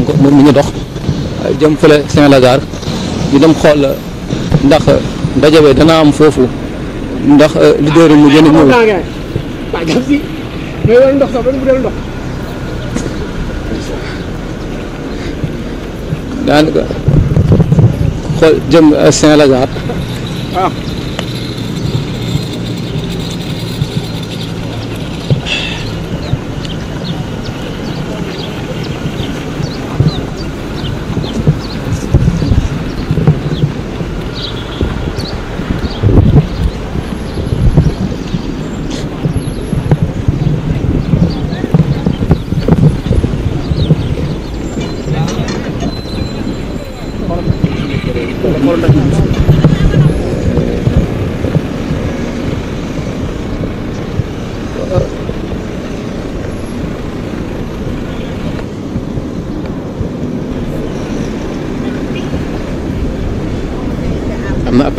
Sonko moom dox jëm fële Saint-Lazare ñu dem xool ndax ndaje bi dana am foofu ndax euh, leader mu gën a ñëw. daanaka jëm euh, Saint-Lazare. Ah.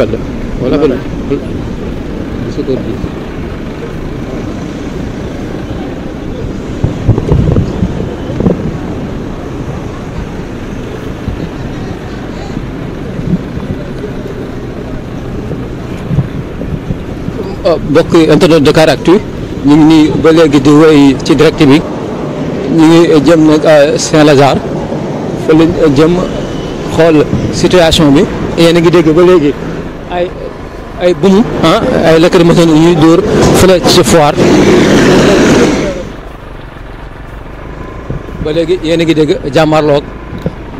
Penda wala Penda Sokone Diouf mbokk internet ñu ngi ba léegi di wéy ci direct bi ñu ngi jëm Saint-Lazare fa jëm xool situation bi yéen a ngi dégg ba léegi ay ay buum ah ay lacrymogène yu ñuy dóor fële ci foire ba léegi yéen a ngi dégg jàmmarloog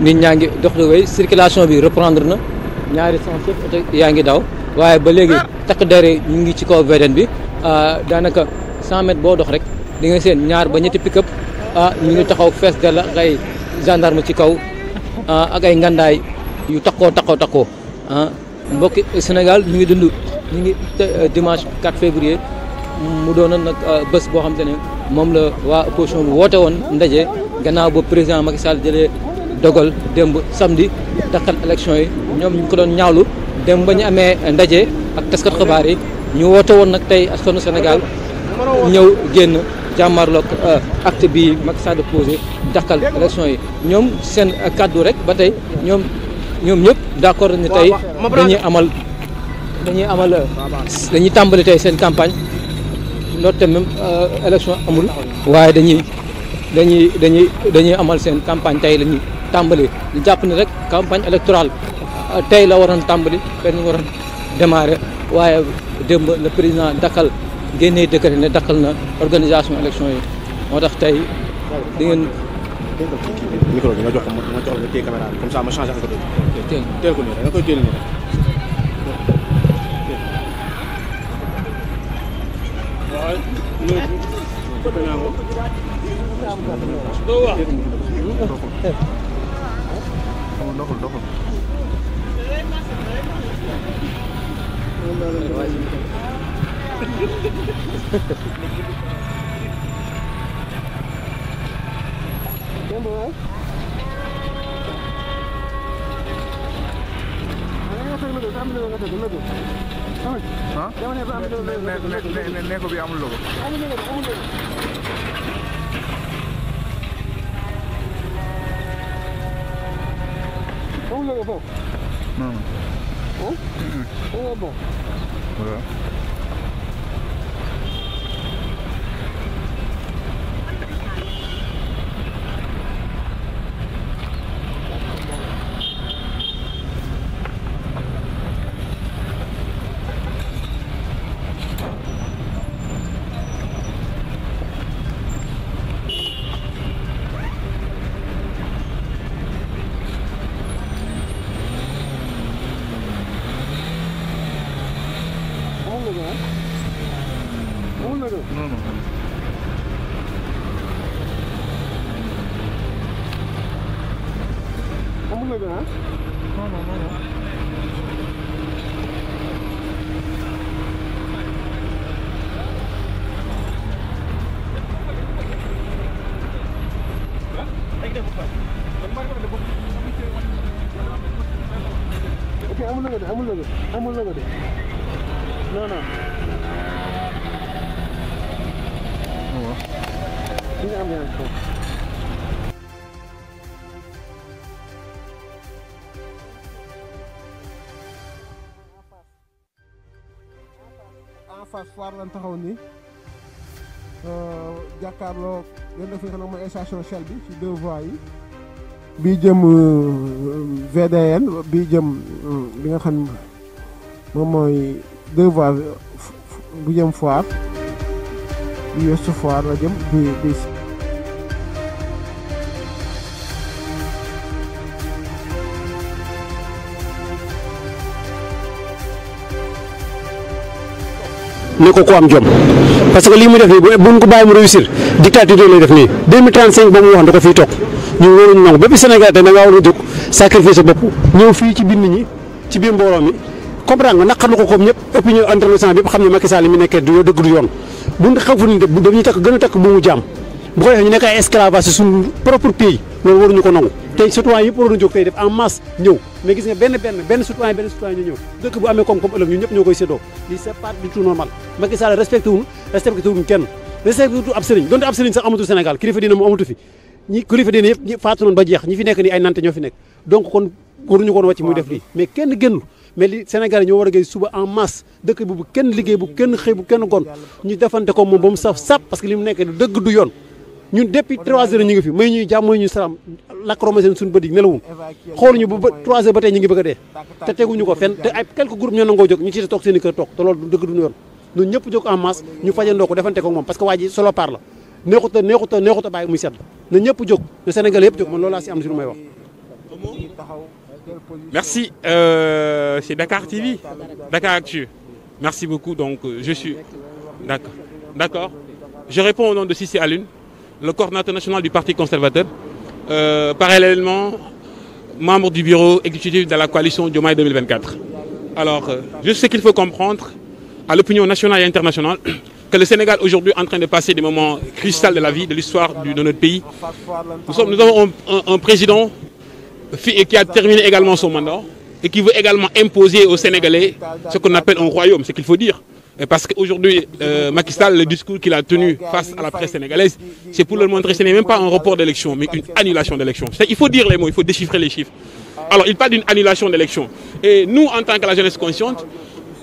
nit ñaa ngi dox di wéy circulation bi reprendre na ñaari sens yaa ngi daw waaye ba léegi takk der ñu ngi ci kaw VDN bi ah, daanaka 100 boo dox rek di nga seen ñaar ba ñetti pick-up ah, ñu ngi taxaw fees dell ak ay gendarme ci kaw ah, ak ay ngandaay yu takkoo takkoo takkoo ah mbokki Sénégal mu ngi dund mu ngi euh, dimanche 4 février mu doon doonoon nag euh, bës boo xam te ne moom la waa opposition bu woote woon ndaje gannaaw ba président Macky Sall jëlee dogal démb samedi daqal élection yi ñoom ñu ko doon ñaawlu démb ba ñu amee ndaje ak taskat xibaar yi ñu woote woon nag tey askanu Sénégal ñëw génn jàmmarloog euh, acte bi Macky Sall posé daqal élection yi ñoom seen kàddu rek ba tey ñoom. ñoom ñëpp d'accord ne tey dañuy amal dañuy amal dañuy tàmbali tey seen campagne ndoxte euh, même élection amul waaye dañuy dañuy dañuy dañuy amal seen campagne tey la ñuy tàmbali ñu jàpp ne rek campagne électorale euh, tey la waroon tàmbali benn waroon démarrer waaye démb le président dakkal génnee décret ne dakkal na organisation élection yi moo tax tey di ngeen dénkal ci kii bi micro bi nga jox ko ma jox la nga téye caméra bi comme ça ma changé ko teel teel ko nii rek nga koy teel nii rek doxul doxul doxul 정도 নেকো বি আমুল লোক আমুল লোক আমুল লোক ও ও ও 거잖아. 너무 내려. 너무. 너무 내려나? 너무 너무. Okay, I'm gonna go there, I'm gonna go there, I'm gonna go there. Non, non. Voilà. taxaw nii euh, jàkkaarloo yéen fi nga xam ne mooy station Shell bi ci deux yi bii jëm euh, euh, VDN bii jëm bi nga xam moom mooy deux voies bu jëm la jëm bi ne ko ko am jom parce que lii mu def nii bu buñ ko bàyyi mu réussir dictature lay def nii 2035 ba mu wax da ko toog ñu waruñ nangu bépp Sénégal te da ngaa jóg sacrifice bopp ñëw fii ci biir nit ñi ci biir mbooloo mi. comprendre nga naqarlu ko comme ñëpp opinion internationale bi yëpp xam ne Macky Sall mi nekkee du yoo dëgg du yoon bu xawfu ni dañuy takk gën def ñu fi ñi kilifa dina yëpp faatu noonu nekk ay nante ñoo fi nekk donc kon waruñu koon wàcc muy def lii mais kenn génnul mais les Sénégalais, yi ñoo suba en masse dëkk bu bu kenn liggéey bu kenn xëy bu kenn gon ñu ko sap parce que limu mu du dëgg du yoon ñun depuis 3 h ñu ngi fi may ñuy jamm ñuy salaam lakkroma suñu 3 h ba ñu ngi bëgg a té te ko ay quelques groupes ñoo nango jog ñu ci tok seen kër tok té loolu du yoon ñun ñëpp en masse ñu ndoko ko parce que waji solo parle a neexut muy na ñëpp jóg na sénégalais yëpp jóg man loolu la ci am may wax Merci. Euh, c'est Dakar TV, Dakar Actu. Merci beaucoup. Donc, euh, je suis. D'accord. D'accord. Je réponds au nom de Sissi Alune, le coordinateur national du Parti conservateur. Euh, parallèlement, membre du bureau exécutif de la coalition du Mai 2024. Alors, je juste qu'il faut comprendre à l'opinion nationale et internationale, que le Sénégal aujourd'hui est en train de passer des moments cristaux de la vie, de l'histoire de notre pays. Nous, sommes, nous avons un président qui a terminé également son mandat et qui veut également imposer aux Sénégalais ce qu'on appelle un royaume, ce qu'il faut dire. parce qu'aujourd'hui, euh, Macky Sall, le discours qu'il a tenu face à la presse sénégalaise, c'est pour le montrer ce n'est même pas un report d'élection, mais une annulation d'élection. Il faut dire les mots, il faut déchiffrer les chiffres. Alors, il parle d'une annulation d'élection. Et nous, en tant que la jeunesse consciente,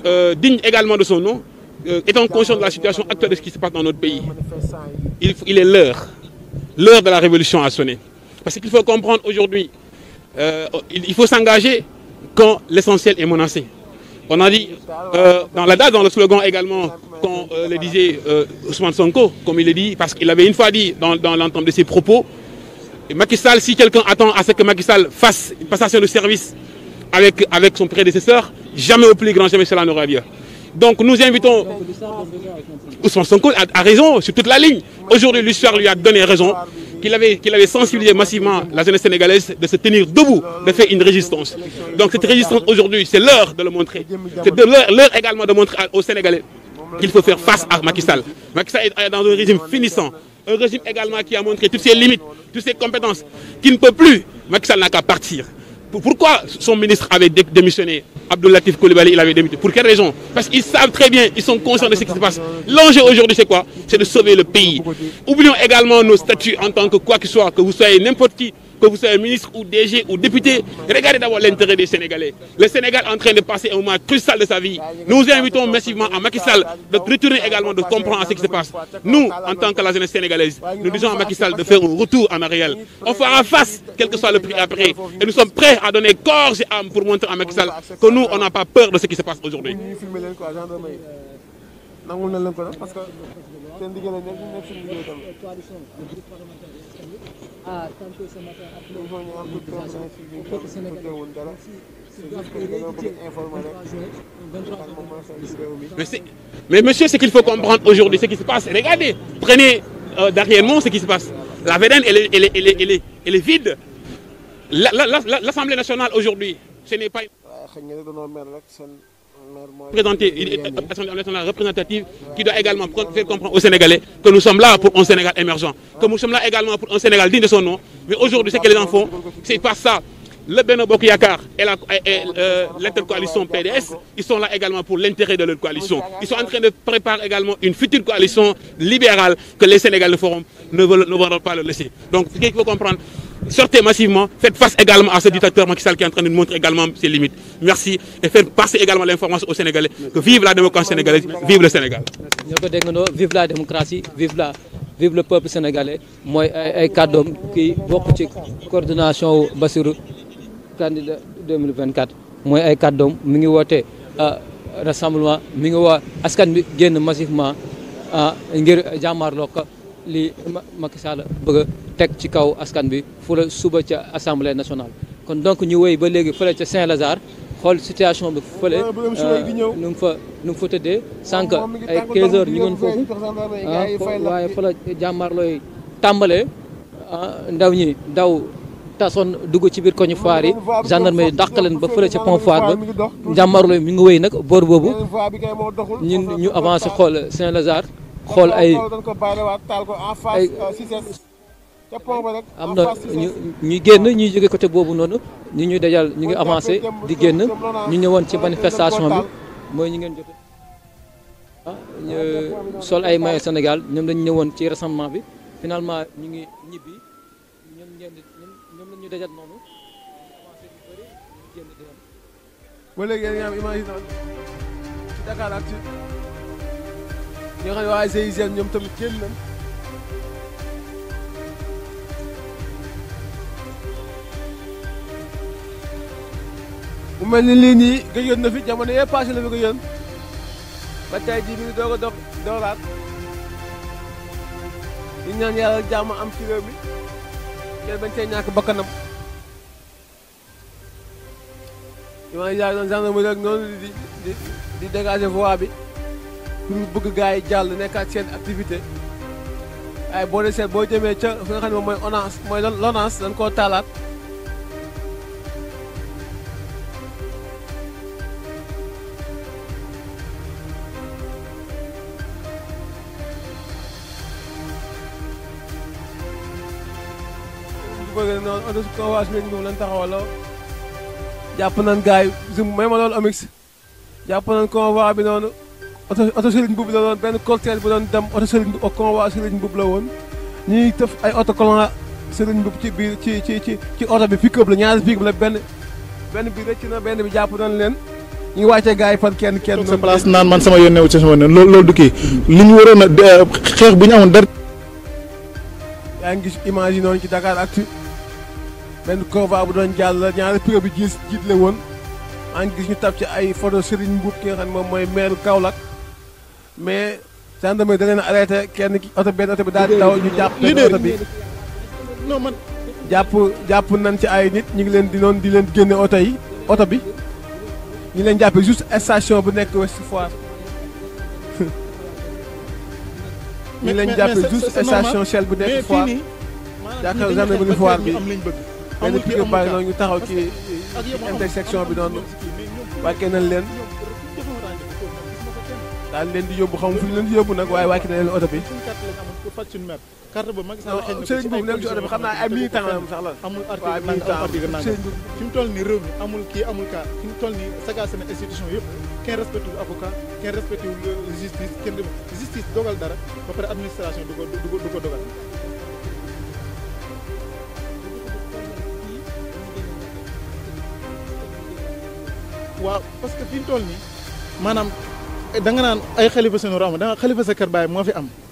euh, digne également de son nom, euh, étant conscient de la situation actuelle de ce qui se passe dans notre pays, il, il est l'heure, l'heure de la révolution a sonné Parce qu'il faut comprendre aujourd'hui euh, oh, il faut s'engager quand l'essentiel est menacé. On a dit, euh, dans la date, dans le slogan également, qu'on euh, le disait Ousmane Sonko, comme il l'a dit, parce qu'il avait une fois dit dans, l'entente de ses propos, Macky Sall, si quelqu'un attend à ce que Macky Sall fasse une passation de service avec, avec son prédécesseur, jamais au plus grand, jamais cela n'aura lieu. Donc nous invitons Ousmane Sonko à a raison sur toute la ligne. Aujourd'hui, l'histoire lui a donné raison qu'il avait, qu'il avait sensibilisé massivement la jeunesse sénégalaise de se tenir debout, de faire une résistance. Donc cette résistance aujourd'hui, c'est l'heure de le montrer. C'est l'heure également de montrer aux Sénégalais qu'il faut faire face à Macky Sall. Macky Sall est dans un régime finissant, un régime également qui a montré toutes ses limites, toutes ses compétences, qui ne peut plus. Macky Sall n'a qu'à partir. Pourquoi son ministre avait démissionné Latif Koulibaly, il avait démissionné. Pour quelle raison Parce qu'ils savent très bien, ils sont conscients de ce qui se passe. L'enjeu aujourd'hui, c'est quoi C'est de sauver le pays. Oublions également nos statuts en tant que quoi que ce soit, que vous soyez n'importe qui, que vous soyez ministre ou DG ou député, regardez d'abord l'intérêt des Sénégalais. Le Sénégal est en train de passer un moment crucial de sa vie. Nous invitons massivement à Macky Sall de retourner également, de comprendre ce qui se passe. Nous, en tant que la jeunesse sénégalaise, nous disons à Macky Sall de faire un retour en arrière. On fera face, quel que soit le prix après. Et nous sommes prêts à donner corps et âme pour montrer à Macky que nous, on n'a pas peur de ce qui se passe aujourd'hui mais monsieur, ce qu'il faut comprendre aujourd'hui, ce qui se passe, regardez, prenez euh, derrière moi ce qui se passe. La VDN, elle, est, vide. L'Assemblée nationale aujourd'hui, ce n'est pas présenter une Assemblée représentative qui doit également faire comprendre aux Sénégalais que nous sommes là pour un Sénégal émergent, que nous sommes là également pour un Sénégal digne de son nom. Mais aujourd'hui, ce que les enfants, c'est pas ça. Le Beno Yakar et euh, l'intercoalition PDS, ils sont là également pour l'intérêt de leur coalition. Ils sont en train de préparer également une future coalition libérale que les Sénégalais ne ne, ne vont pas le laisser. Donc, ce qu'il faut comprendre, sortez massivement, faites face également à ce dictateur Macky Sall qui est en train de nous montrer également ses limites. Merci et faites passer également l'information aux Sénégalais que vive la démocratie sénégalaise, vive le Sénégal. Vive la démocratie, vive la vive le peuple sénégalais Moi, ay qui qui coordination avec Bassirou candidat 2024 moi ay kàddoom mi ngi euh, rassemblement mi ngi woo askan bi génn massivement euh, ngir Jamar Macky Sall teg ci kaw askan bi fu la suba ca assemblée nationale kon donc ñu wéy ba légui fële ci Saint-Lazare xol situation bi fële euh, nu fa nu mu fa tëddee sànq ay 15 h ñu ngi fofu foofu ah, waaye fa la jàmmarlooy ndaw ñi daw tason dugg ci bir koñu foire yi gendarmerie dàq leen ba fële ci pont foire ba jàmmarlooy mi ngi wéy nak bor bobu ñu ñu avancé xol Saint-Lazare xol ay ay euh, am na ñu ñu génn ñuy jóge côté boobu noonu ñu ñuy dajal ñu ngi avancé di génn ñu ñëwoon ci manifestation bi mooy ñu ngeen jot ah, sol ay maillot Sénégal ñoom dañu ñëwoon ci rassemblement bi finalement ñu ngi ñibbi ñoom ngeen ñu dajal noonu avancé bu bëri ñu génn mu mel ni lii nii gëjoon na fi jamono yee passé la fi gëjoon ba tey jii mi a dox dooraat ñu ñaan yàlla jàmm am ci réew mi bañ cee ñàkk bakkanam ñu ma yaay doon noonu di di di dégager voie bi pour bëgg gars yi jàll activité waaye boo dee seet boo jëmee ca fi nga xam ne moom mooy onance mooy lonance dañ koo taalaat bëgg noonu auto convention bi moom lañ taxawaloo zoom may ma amix jàpp nañ convoi bi noonu auto auto sëriñ buub la doon benn cortège bu doon dem auto sëriñ bu convoi sëriñ buub la woon ñuy tëf gis image yi ci Dakar Actu benn convoi bu doon jàll ñaari piro bi jiis jiitle woon maa ngi gis ñu tab ci ay photo Serigne Mboup ki nga xam ne moom mooy maire Kaolack mais gendarmerie da leen arrêté kenn ki oto benn oto bi daal di daw ñu jàpp benn oto bi non man jàpp jàpp nañ ci ay nit ñu ngi leen di noon di leen génne oto yi oto bi ñu leen jàpp juste station bu nekk Ouest Foire ñu leen jàppee juste station Shell bu nekk Foire jàkkaarloo gendarmerie Foire bi amul benn pick-up bàyyi noonu ñu taxaw ci intersection bi noonu wàcce nañ leen daal leen di yóbbu xam fu ñu leen di yóbbu nag waaye wàcce nañ leen oto bi. carte boobu Macky Sall xëy na sëñ boobu nekk ci oto bi xam naa ay militant la sax la amul article sëñ bi fi mu toll nii réew amul kii amul kaa fi mu toll nii sagaa seen institution yëpp kenn respecté wul avocat kenn respecté wul justice kenn justice dogal dara ba pare administration du ko du ko dogal waaw parce que fi mu toll nii maanaam da nga naan ay xalifa sunu raam da nga xalifa sa kër baay moo fi am